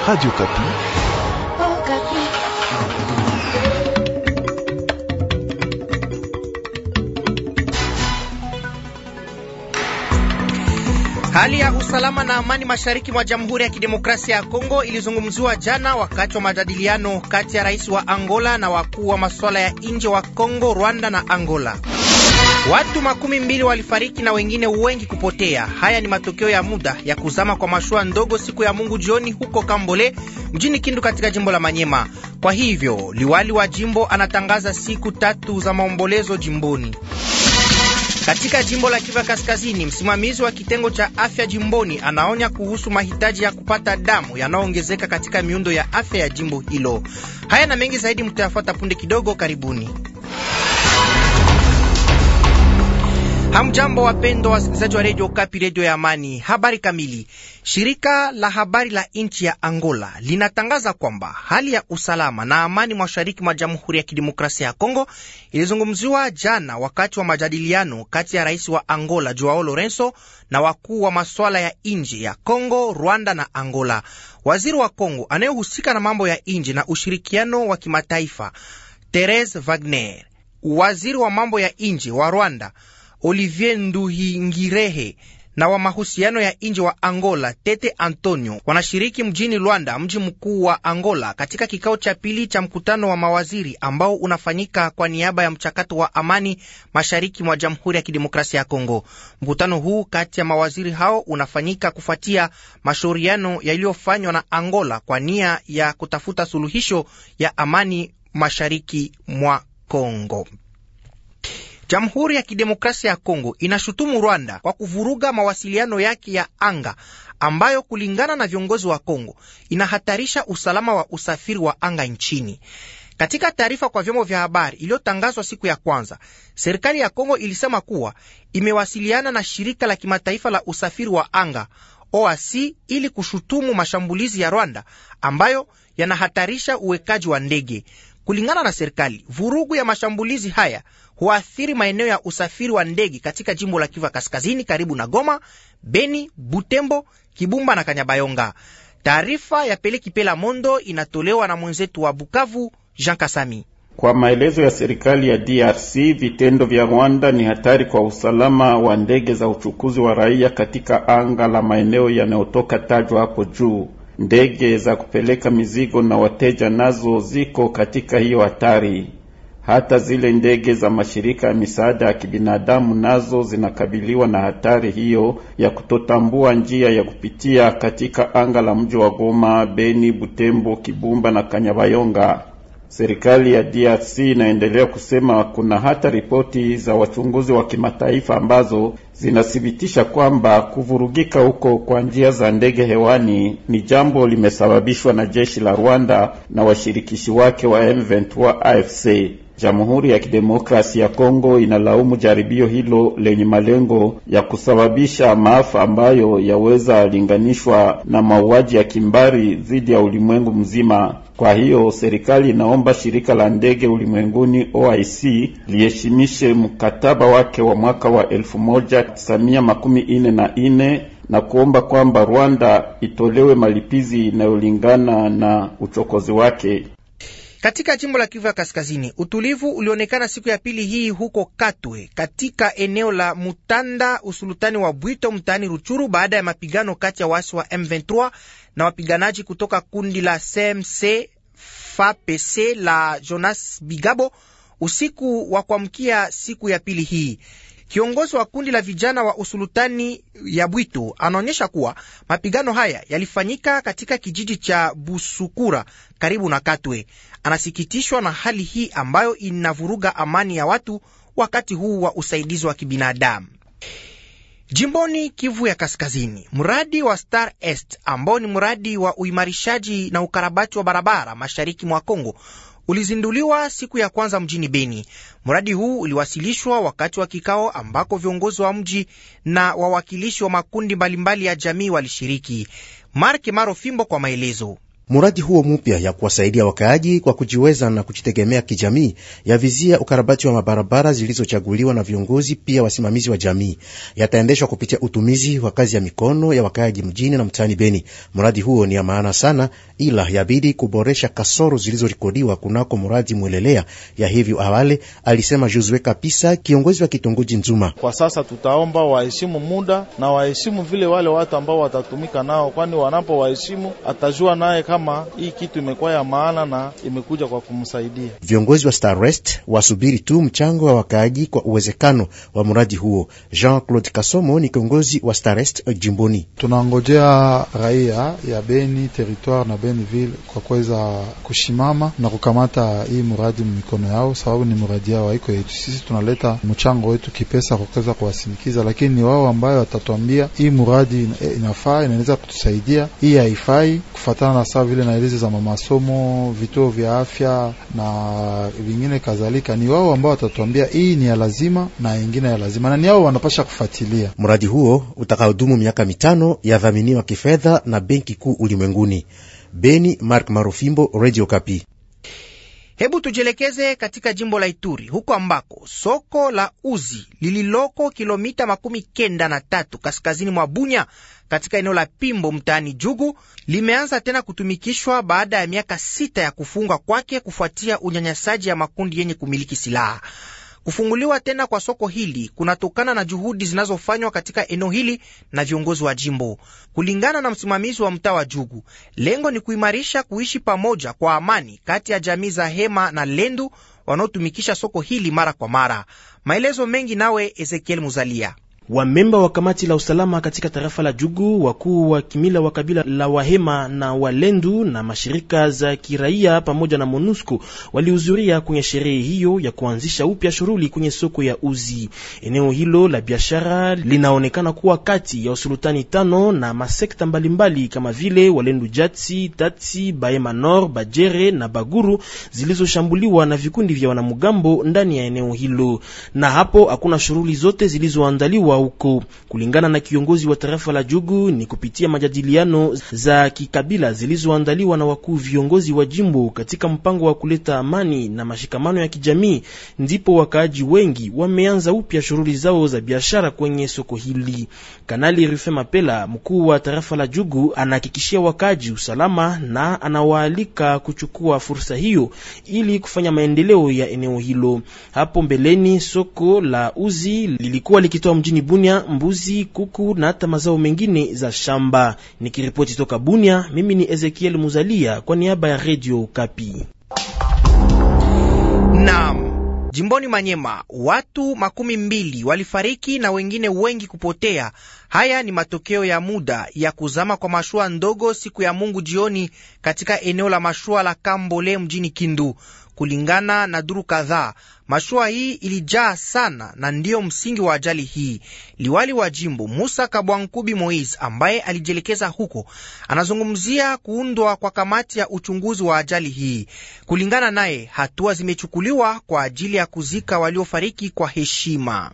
Radio Kapi. Oh, Kapi. Hali ya usalama na amani mashariki mwa Jamhuri ya Kidemokrasia ya Kongo ilizungumziwa jana wakati wa majadiliano kati ya rais wa Angola na wakuu wa masuala ya nje wa Kongo, Rwanda na Angola. Watu makumi mbili walifariki na wengine wengi kupotea. Haya ni matokeo ya muda ya kuzama kwa mashua ndogo siku ya Mungu jioni huko Kambole mjini Kindu katika jimbo la Manyema. Kwa hivyo liwali wa jimbo anatangaza siku tatu za maombolezo jimboni. Katika jimbo la Kivu Kaskazini, msimamizi wa kitengo cha afya jimboni anaonya kuhusu mahitaji ya kupata damu yanayoongezeka katika miundo ya afya ya jimbo hilo. Haya na mengi zaidi mtayafuata punde kidogo. Karibuni. Hamjambo, wapendwa wasikilizaji wa redio Kapi, redio ya Amani. Habari kamili. Shirika la habari la nchi ya Angola linatangaza kwamba hali ya usalama na amani mashariki mwa Jamhuri ya Kidemokrasia ya Kongo ilizungumziwa jana wakati wa majadiliano kati ya rais wa Angola Joao Lorenzo na wakuu wa masuala ya nje ya Kongo, Rwanda na Angola. Waziri wa Kongo anayehusika na mambo ya nje na ushirikiano wa kimataifa Therese Wagner, waziri wa mambo ya nje wa Rwanda Olivier Nduhingirehe na wa mahusiano ya nje wa Angola Tete Antonio wanashiriki mjini Luanda, mji mkuu wa Angola, katika kikao cha pili cha mkutano wa mawaziri ambao unafanyika kwa niaba ya mchakato wa amani mashariki mwa Jamhuri ya Kidemokrasia ya Kongo. Mkutano huu kati ya mawaziri hao unafanyika kufuatia mashauriano yaliyofanywa na Angola kwa nia ya kutafuta suluhisho ya amani mashariki mwa Kongo. Jamhuri ya Kidemokrasia ya Kongo inashutumu Rwanda kwa kuvuruga mawasiliano yake ya anga ambayo kulingana na viongozi wa Kongo inahatarisha usalama wa usafiri wa anga nchini. Katika taarifa kwa vyombo vya habari iliyotangazwa siku ya kwanza, serikali ya Kongo ilisema kuwa imewasiliana na shirika la kimataifa la usafiri wa anga OAC ili kushutumu mashambulizi ya Rwanda ambayo yanahatarisha uwekaji wa ndege. Kulingana na serikali, vurugu ya mashambulizi haya huathiri maeneo ya usafiri wa ndege katika jimbo la Kivu Kaskazini, karibu na Goma, Beni, Butembo, Kibumba na Kanyabayonga. Taarifa ya Pele Kipela Mondo inatolewa na mwenzetu wa Bukavu, Jean Kasami. Kwa maelezo ya serikali ya DRC, vitendo vya Rwanda ni hatari kwa usalama wa ndege za uchukuzi wa raia katika anga la maeneo yanayotoka tajwa hapo juu. Ndege za kupeleka mizigo na wateja nazo ziko katika hiyo hatari. Hata zile ndege za mashirika ya misaada ya kibinadamu nazo zinakabiliwa na hatari hiyo ya kutotambua njia ya kupitia katika anga la mji wa Goma, Beni, Butembo, Kibumba na Kanyabayonga. Serikali ya DRC inaendelea kusema kuna hata ripoti za wachunguzi wa kimataifa ambazo zinathibitisha kwamba kuvurugika huko kwa njia za ndege hewani ni jambo limesababishwa na jeshi la Rwanda na washirikishi wake wa M23 AFC. Jamhuri ya Kidemokrasia ya Kongo inalaumu jaribio hilo lenye malengo ya kusababisha maafa ambayo yaweza linganishwa na mauaji ya kimbari dhidi ya ulimwengu mzima. Kwa hiyo serikali inaomba shirika la ndege ulimwenguni OIC liheshimishe mkataba wake wa mwaka wa 1944 na kuomba kwamba Rwanda itolewe malipizi inayolingana na uchokozi wake. Katika jimbo la Kivu ya Kaskazini, utulivu ulionekana siku ya pili hii huko Katwe, katika eneo la Mutanda, usulutani wa Bwito, mtaani Ruchuru, baada ya mapigano kati ya waasi wa M23 na wapiganaji kutoka kundi la CMC FAPC la Jonas Bigabo usiku wa kuamkia siku ya pili hii. Kiongozi wa kundi la vijana wa usulutani ya Bwitu anaonyesha kuwa mapigano haya yalifanyika katika kijiji cha Busukura karibu na Katwe. Anasikitishwa na hali hii ambayo inavuruga amani ya watu wakati huu wa usaidizi wa kibinadamu. Jimboni Kivu ya Kaskazini, mradi wa Star Est ambao ni mradi wa uimarishaji na ukarabati wa barabara mashariki mwa Kongo ulizinduliwa siku ya kwanza mjini Beni. Mradi huu uliwasilishwa wakati wa kikao ambako viongozi wa mji na wawakilishi wa makundi mbalimbali ya jamii walishiriki. Mark fimbo kwa maelezo. Muradi huo mupya ya kuwasaidia wakaaji kwa kujiweza na kujitegemea kijamii yavizia ukarabati wa mabarabara zilizochaguliwa na viongozi pia wasimamizi wa jamii, yataendeshwa kupitia utumizi wa kazi ya mikono ya wakaaji mjini na mtaani Beni. Mradi huo ni ya maana sana, ila yabidi kuboresha kasoro zilizorekodiwa kunako muradi mwelelea ya hivyo awale, alisema Josue Kapisa, kiongozi wa kitongoji Nzuma. Kwa sasa tutaomba waheshimu muda na waheshimu vile wale watu ambao watatumika nao, kwani waheshimu atajua naye kama kama hii kitu imekuwa ya maana na imekuja kwa kumsaidia. Viongozi wa Starrest wasubiri tu mchango wa wakaaji kwa uwezekano wa mradi huo. Jean Claude Kasomo ni kiongozi wa Starrest jimboni. Tunangojea raia ya Beni territoire na Beniville kwa kuweza kushimama na kukamata hii mradi mikono yao, sababu ni mradi yao, haiko yetu sisi. Tunaleta mchango wetu kipesa kwa kuweza kuwasindikiza, lakini ni wao ambayo watatwambia hii mradi inafaa, inaweza kutusaidia, hii haifai kufatana na vile na za masomo, vituo vya afya na vingine kadhalika, ni wao ambao watatuambia hii ni ya lazima na ingine ya lazima, na ni wao wanapasha kufuatilia mradi huo utakaodumu miaka mitano, yadhaminiwa kifedha na Benki Kuu Ulimwenguni. Beni, Mark Marufimbo, Radio Kapi. Hebu tujielekeze katika jimbo la Ituri, huko ambako soko la Uzi lililoko kilomita makumi kenda na tatu kaskazini mwa Bunya katika eneo la Pimbo mtaani Jugu limeanza tena kutumikishwa baada ya miaka sita ya kufungwa kwake kufuatia unyanyasaji ya makundi yenye kumiliki silaha. Kufunguliwa tena kwa soko hili kunatokana na juhudi zinazofanywa katika eneo hili na viongozi wa jimbo. Kulingana na msimamizi wa mtaa wa Jugu, lengo ni kuimarisha kuishi pamoja kwa amani kati ya jamii za Hema na Lendu wanaotumikisha soko hili mara kwa mara. Maelezo mengi nawe Ezekiel Muzalia. Wamemba wa kamati la usalama katika tarafa la Jugu, wakuu wa kimila wa kabila la Wahema na Walendu na mashirika za kiraia pamoja na MONUSCO walihudhuria kwenye sherehe hiyo ya kuanzisha upya shughuli kwenye soko ya Uzi. Eneo hilo la biashara linaonekana kuwa kati ya usultani tano na masekta mbalimbali kama vile Walendu Jatsi, Tatsi, Bahema nor Bajere na Baguru zilizoshambuliwa na vikundi vya wanamgambo ndani ya eneo hilo, na hapo hakuna shughuli zote zilizoandaliwa huko. Kulingana na kiongozi wa tarafa la Jugu, ni kupitia majadiliano za kikabila zilizoandaliwa na wakuu viongozi wa jimbo katika mpango wa kuleta amani na mashikamano ya kijamii, ndipo wakaaji wengi wameanza upya shughuli zao za biashara kwenye soko hili. Kanali Rufe Mapela, mkuu wa tarafa la Jugu, anahakikishia wakaaji usalama na anawaalika kuchukua fursa hiyo ili kufanya maendeleo ya eneo hilo. Hapo mbeleni soko la uzi lilikuwa likitoa mjini Bunia mbuzi, kuku na hata mazao mengine za shamba. Nikiripoti toka Bunia, mimi ni Ezekiel Muzalia kwa niaba ya Radio Kapi. Naam. Jimboni Manyema watu makumi mbili walifariki na wengine wengi kupotea Haya ni matokeo ya muda ya kuzama kwa mashua ndogo siku ya Mungu jioni katika eneo la mashua la Kambole mjini Kindu. Kulingana na duru kadhaa, mashua hii ilijaa sana na ndiyo msingi wa ajali hii. Liwali wa jimbo Musa Kabwankubi Moise, ambaye alijielekeza huko, anazungumzia kuundwa kwa kamati ya uchunguzi wa ajali hii. Kulingana naye, hatua zimechukuliwa kwa ajili ya kuzika waliofariki kwa heshima.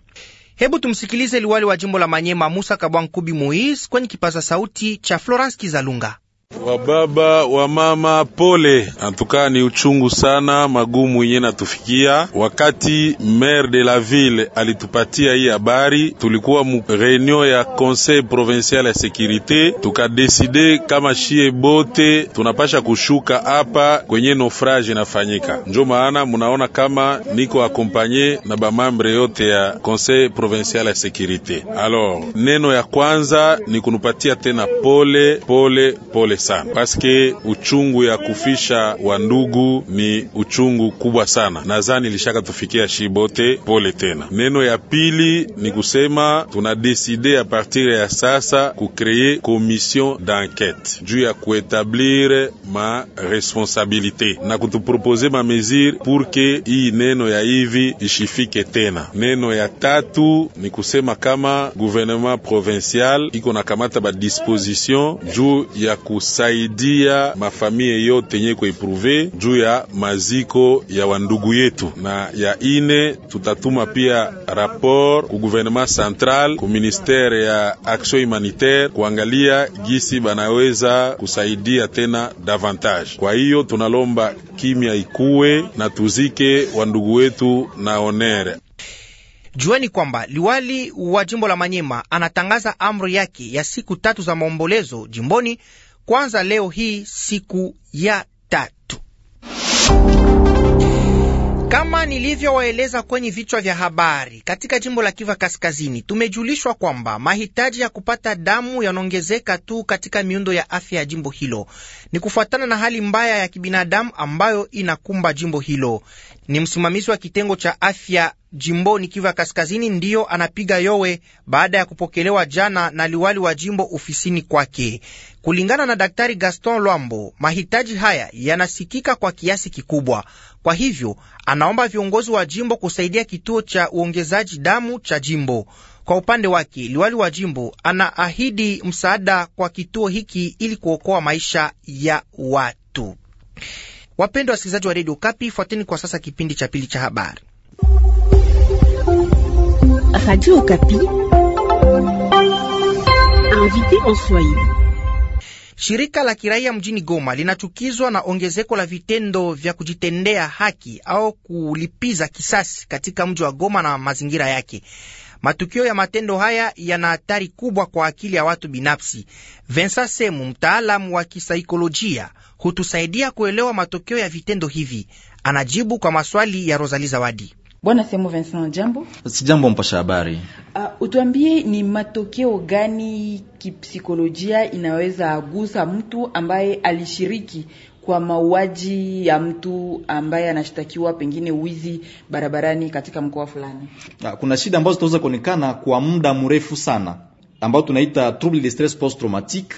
Hebu tumsikilize liwali wa jimbo la Manyema Musa Kabwankubi Muis kwenye kipaza sauti cha Florence Kizalunga wa baba wa mama, pole antuka ni uchungu sana, magumu yenye natufikia. Wakati maire de la ville alitupatia hii habari, tulikuwa mu reunion ya conseil provincial ya securite, tukadeside kama shie bote tunapasha kushuka hapa kwenye naufrage inafanyika. Njo maana munaona kama niko akompanye na bamambre yote ya conseil provincial ya sécurité. Alors neno ya kwanza ni kunupatia tena pole pole pole mbele sana, paske uchungu ya kufisha wa ndugu ni uchungu kubwa sana. Nadhani ilishakatufikia shi bote, pole tena. Neno ya pili ni kusema tunadeside a partir ya sasa kukreye komision d'enquete juu ya kuetablire ma responsabilite na kutupropoze ma mesure pour que iyi neno ya ivi ishifike tena. Neno ya tatu ni kusema kama gouvernement provincial iko na kamata ba disposition juu ya kus kusaidia mafamie yote yenye kuepruve juu ya maziko ya wandugu yetu, na ya ine tutatuma pia rapport ku gouvernement central ku ministere ya action humanitaire kuangalia gisi banaweza kusaidia tena davantage. Kwa hiyo tunalomba kimya ikuwe na tuzike wandugu wetu na onere. Jueni kwamba liwali wa jimbo la Manyema anatangaza amri yake ya siku tatu za maombolezo jimboni kwanza leo hii siku ya tatu. Kama nilivyowaeleza kwenye vichwa vya habari, katika jimbo la Kivu Kaskazini tumejulishwa kwamba mahitaji ya kupata damu yanaongezeka tu katika miundo ya afya ya jimbo hilo. Ni kufuatana na hali mbaya ya kibinadamu ambayo inakumba jimbo hilo ni msimamizi wa kitengo cha afya jimboni Kivu ya Kaskazini, ndiyo anapiga yowe baada ya kupokelewa jana na liwali wa jimbo ofisini kwake. Kulingana na Daktari Gaston Lwambo, mahitaji haya yanasikika kwa kiasi kikubwa. Kwa hivyo anaomba viongozi wa jimbo kusaidia kituo cha uongezaji damu cha jimbo. Kwa upande wake liwali wa jimbo anaahidi msaada kwa kituo hiki ili kuokoa maisha ya watu. Wapendwa wasikilizaji wa redio Kapi, fuateni kwa sasa kipindi cha pili cha habari. Shirika la kiraia mjini Goma linachukizwa na ongezeko la vitendo vya kujitendea haki au kulipiza kisasi katika mji wa Goma na mazingira yake. Matukio ya matendo haya yana hatari kubwa kwa akili ya watu binafsi. Vensa Semu, mtaalamu wa kisaikolojia, hutusaidia kuelewa matokeo ya vitendo hivi. Anajibu kwa maswali ya Rosali Zawadi. Bwana Semu Vincent, jambo. Si jambo, mpasha habari. Uh, utuambie ni matokeo gani kipsikolojia inaweza agusa mtu ambaye alishiriki kwa mauaji ya mtu ambaye anashtakiwa pengine wizi barabarani katika mkoa fulani? Kuna shida ambazo zinaweza kuonekana kwa muda mrefu sana, ambayo tunaita trouble de stress post traumatic.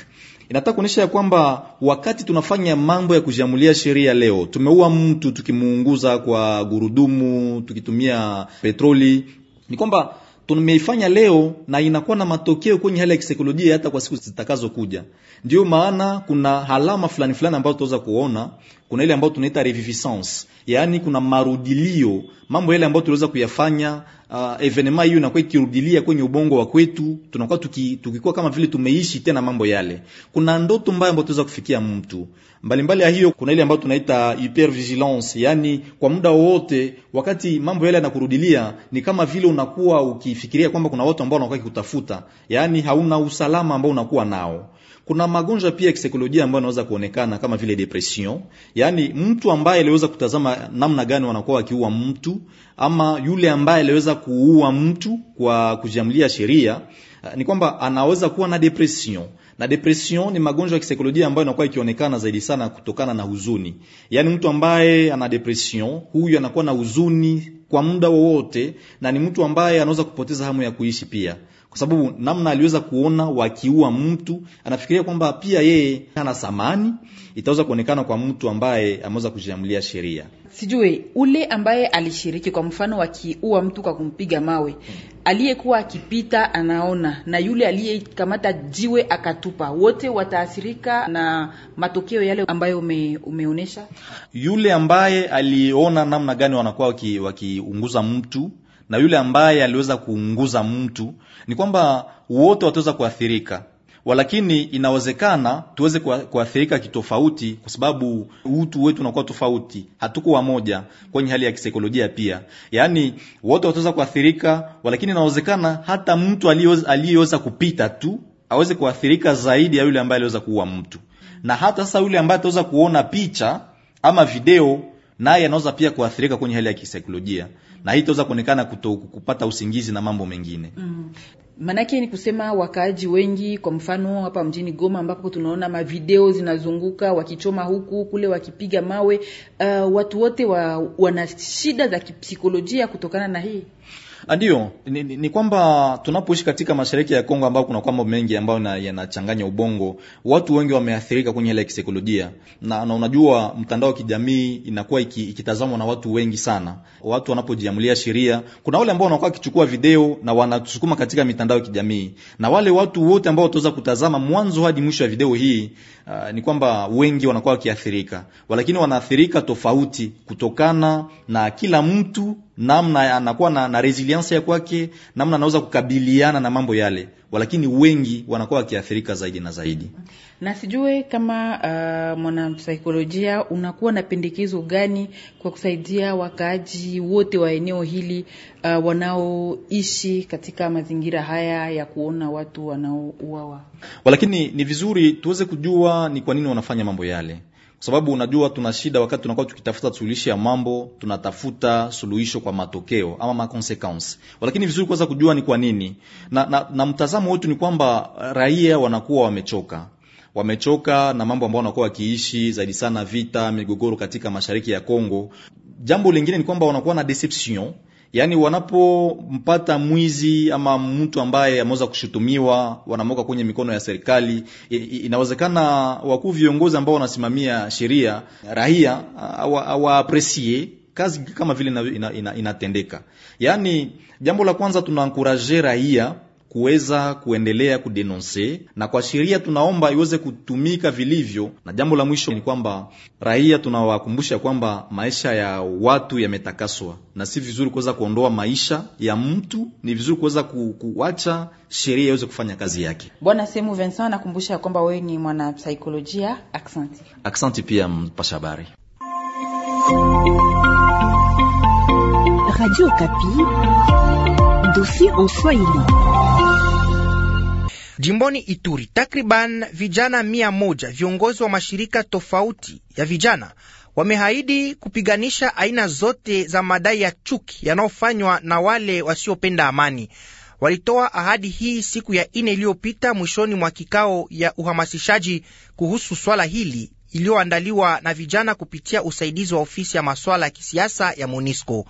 Inataka kuonyesha ya kwamba wakati tunafanya mambo ya kujiamulia sheria leo, tumeua mtu tukimuunguza kwa gurudumu, tukitumia petroli, ni kwamba tumeifanya leo na inakuwa na matokeo kwenye hali ya kisaikolojia hata kwa siku zitakazokuja. Ndio maana kuna alama fulani fulani ambazo tunaweza kuona, kuna ile ambayo tunaita reviviscence yaani kuna marudilio, mambo yale ambayo tuliweza kuyafanya. Uh, evenema hiyo inakuwa ikirudilia kwenye ubongo wa kwetu, tunakuwa tuki, tukikuwa kama vile tumeishi tena mambo yale. Kuna ndoto mbaya ambayo tunaweza kufikia mtu mbalimbali ya hiyo. Kuna ile ambayo tunaita hypervigilance, yani kwa muda wote, wakati mambo yale yanakurudilia, ni kama vile unakuwa ukifikiria kwamba kuna watu ambao wanakuwa kikutafuta, yani hauna usalama ambao unakuwa nao kuna magonjwa pia ya kisaikolojia ambayo yanaweza kuonekana kama vile depression, yaani mtu ambaye aliweza kutazama namna gani wanakuwa wakiua mtu ama yule ambaye aliweza kuua mtu kwa kujamlia sheria, eh, ni kwamba anaweza kuwa na depression na depression ni magonjwa ya kisaikolojia ambayo inakuwa ikionekana zaidi sana kutokana na huzuni. Yaani mtu ambaye ana depression, huyu anakuwa na huzuni kwa muda wowote, na ni mtu ambaye anaweza kupoteza hamu ya kuishi pia, kwa sababu namna aliweza kuona wakiua mtu, anafikiria kwamba pia yeye hana thamani, itaweza kuonekana kwa mtu ambaye ameweza kujiamulia sheria sijue ule ambaye alishiriki kwa mfano akiua mtu kwa kumpiga mawe aliyekuwa akipita anaona na yule aliyekamata jiwe akatupa, wote wataathirika na matokeo yale ambayo ume, umeonyesha. Yule ambaye aliona namna gani wanakuwa wakiunguza waki mtu na yule ambaye aliweza kuunguza mtu, ni kwamba wote wataweza kuathirika walakini inawezekana tuweze kuathirika kitofauti, kwa sababu utu wetu unakuwa tofauti, hatuko wamoja kwenye hali ya kisaikolojia pia. Yaani wote wataweza kuathirika, walakini inawezekana hata mtu aliyeweza kupita tu aweze kuathirika zaidi ya yule ambaye aliweza kuua mtu, na hata sasa yule ambaye ataweza kuona picha ama video naye anaweza pia kuathirika kwenye hali ya kisaikolojia, na hii itaweza kuonekana kupata usingizi na mambo mengine mm. Manake ni kusema wakaaji wengi, kwa mfano hapa mjini Goma ambapo tunaona mavideo zinazunguka wakichoma huku kule, wakipiga mawe uh, watu wote wa, wana shida za kipsikolojia kutokana na hii Ah, ndio, ni, ni, ni kwamba tunapoishi katika mashariki ya Kongo ambao kuna kwamba mengi ambayo yanachanganya ubongo, watu wengi wameathirika kwenye ile kisaikolojia na, na unajua mtandao wa kijamii inakuwa iki, ikitazamwa na watu wengi sana. Watu wanapojiamulia sheria, kuna wale ambao wanakuwa wakichukua video na wanatusukuma katika mitandao ya kijamii, na wale watu wote ambao wataweza kutazama mwanzo hadi mwisho wa video hii uh, ni kwamba wengi wanakuwa wakiathirika, lakini wanaathirika tofauti kutokana na kila mtu namna anakuwa na, na resilience ya kwake, namna anaweza kukabiliana na mambo yale, walakini wengi wanakuwa wakiathirika zaidi na zaidi. Na sijue kama uh, mwanasaikolojia unakuwa na pendekezo gani kwa kusaidia wakaaji wote wa eneo hili uh, wanaoishi katika mazingira haya ya kuona watu wanaouawa? Walakini ni vizuri tuweze kujua ni kwa nini wanafanya mambo yale kwa sababu unajua tuna shida wakati tunakuwa tukitafuta suluhisho ya mambo, tunatafuta suluhisho kwa matokeo ama ma consequence, lakini vizuri kwanza kujua ni kwa nini na, na, na mtazamo wetu ni kwamba raia wanakuwa wamechoka wamechoka na mambo ambayo wanakuwa wakiishi zaidi sana vita, migogoro katika mashariki ya Kongo. Jambo lingine ni kwamba wanakuwa na deception yaani wanapompata mwizi ama mtu ambaye ameweza kushutumiwa, wanamoka kwenye mikono ya serikali. Inawezekana wakuu viongozi ambao wanasimamia sheria, raia awaapresie kazi kama vile inatendeka. Yaani jambo la kwanza tunaankuraje raia kuweza kuendelea kudenonse na kwa sheria tunaomba iweze kutumika vilivyo. Na jambo la mwisho ni kwamba raia tunawakumbusha kwamba maisha ya watu yametakaswa, na si vizuri kuweza kuondoa maisha ya mtu, ni vizuri kuweza ku, kuacha sheria iweze kufanya kazi yake. Bwana Semu Vincent anakumbusha kwamba wewe ni mwana psikolojia. aksanti, aksanti pia mpasha habari Radio Kapi, en Swahili. Jimboni Ituri, takriban vijana mia moja viongozi wa mashirika tofauti ya vijana wamehaidi kupiganisha aina zote za madai ya chuki yanayofanywa na wale wasiopenda amani. Walitoa ahadi hii siku ya ine iliyopita mwishoni mwa kikao ya uhamasishaji kuhusu swala hili iliyoandaliwa na vijana kupitia usaidizi wa ofisi ya masuala ya kisiasa ya MONUSCO.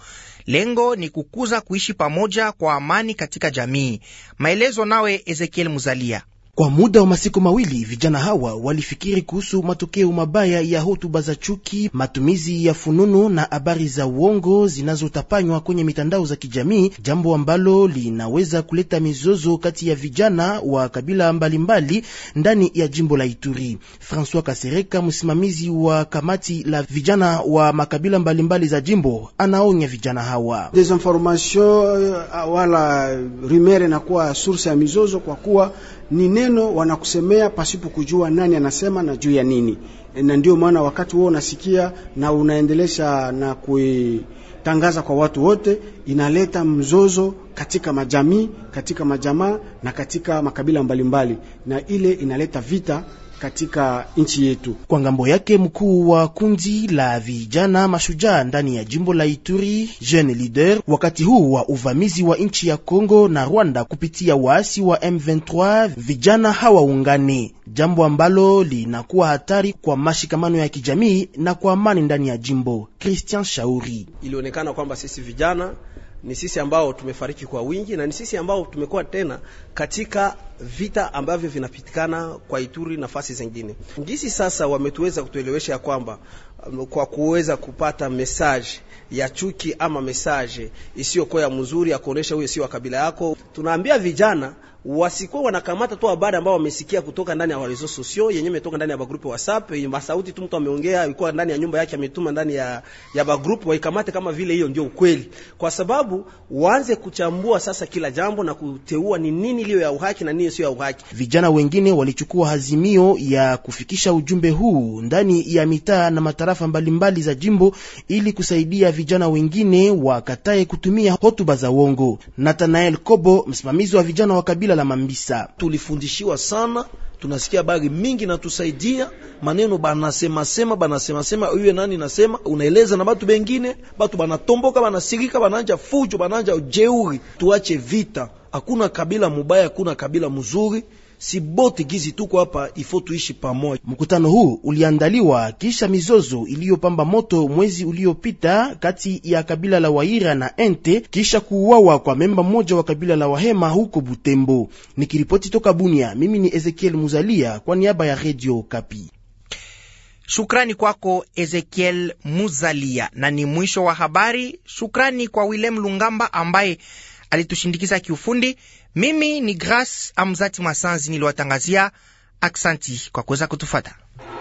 Lengo ni kukuza kuishi pamoja kwa amani katika jamii. Maelezo nawe Ezekiel Muzalia. Kwa muda wa masiku mawili vijana hawa walifikiri kuhusu matokeo mabaya ya hotuba za chuki, matumizi ya fununu na habari za uongo zinazotapanywa kwenye mitandao za kijamii, jambo ambalo linaweza kuleta mizozo kati ya vijana wa kabila mbalimbali ndani ya jimbo la Ituri. Francois Kasereka, msimamizi wa kamati la vijana wa makabila mbalimbali mbali za jimbo, anaonya vijana hawa desinformation euh, wala rumere inakuwa source ya mizozo kwa kuwa ni maneno wanakusemea pasipo kujua nani anasema na juu ya nini, na ndio maana wakati wewe unasikia na unaendelesha na kuitangaza kwa watu wote, inaleta mzozo katika majamii, katika majamaa na katika makabila mbalimbali mbali. Na ile inaleta vita katika nchi yetu. Kwa ngambo yake, mkuu wa kundi la vijana mashujaa ndani ya jimbo la Ituri, Jeune Leader, wakati huu wa uvamizi wa nchi ya Kongo na Rwanda kupitia waasi wa M23, vijana hawaungani, jambo ambalo linakuwa hatari kwa mashikamano ya kijamii na kwa amani ndani ya jimbo. Christian Shauri: ilionekana kwamba sisi vijana ni sisi ambao tumefariki kwa wingi na ni sisi ambao tumekuwa tena katika vita ambavyo vinapitikana kwa Ituri nafasi zingine. Ngisi sasa wametuweza kutuelewesha ya kwamba um, kwa kuweza kupata mesaje ya chuki ama mesaje isiyokuwa ya mzuri ya kuonesha huyo si wa kabila yako, tunaambia vijana wasikuwa wanakamata tu habari ambao wamesikia kutoka ndani ya reseaux sociaux yenyewe imetoka ndani ya bagrupu WhatsApp, masauti tu mtu ameongea ilikuwa ndani ya nyumba yake ametuma ndani ya ya bagrupu, waikamate kama vile hiyo ndio ukweli, kwa sababu waanze kuchambua sasa kila jambo na kuteua ni nini iliyo ya uhaki na nini sio ya uhaki. Vijana wengine walichukua hazimio ya kufikisha ujumbe huu ndani ya mitaa na matarafa mbalimbali mbali za jimbo ili kusaidia vijana wengine wakatae kutumia hotuba za uongo. Nathanael Kobo, msimamizi wa vijana wa kabila la Mambisa. Tulifundishiwa sana, tunasikia habari mingi natusaidia maneno banasemasema banasemasema, uye nani nasema, unaeleza na batu bengine, batu banatomboka, banasirika, bananja fujo, bananja ujeuri. Tuache vita, hakuna kabila mubaya, hakuna kabila mzuri si bote gizi tuko hapa, ifo tuishi pamoja. Mkutano huu uliandaliwa kisha mizozo iliyopamba moto mwezi uliopita kati ya kabila la Waira na Ente kisha kuuawa kwa memba mmoja wa kabila la Wahema huko Butembo. Nikiripoti toka Bunia, mimi ni Ezekiel Muzalia kwa niaba ya redio Kapi. Shukrani kwako Ezekiel Muzalia, na ni mwisho wa habari. Shukrani kwa Willem Lungamba ambaye alitushindikiza kiufundi. Mimi ni Grace Amzati Masanzi niliwatangazia. Aksanti kwa kuweza kutufata.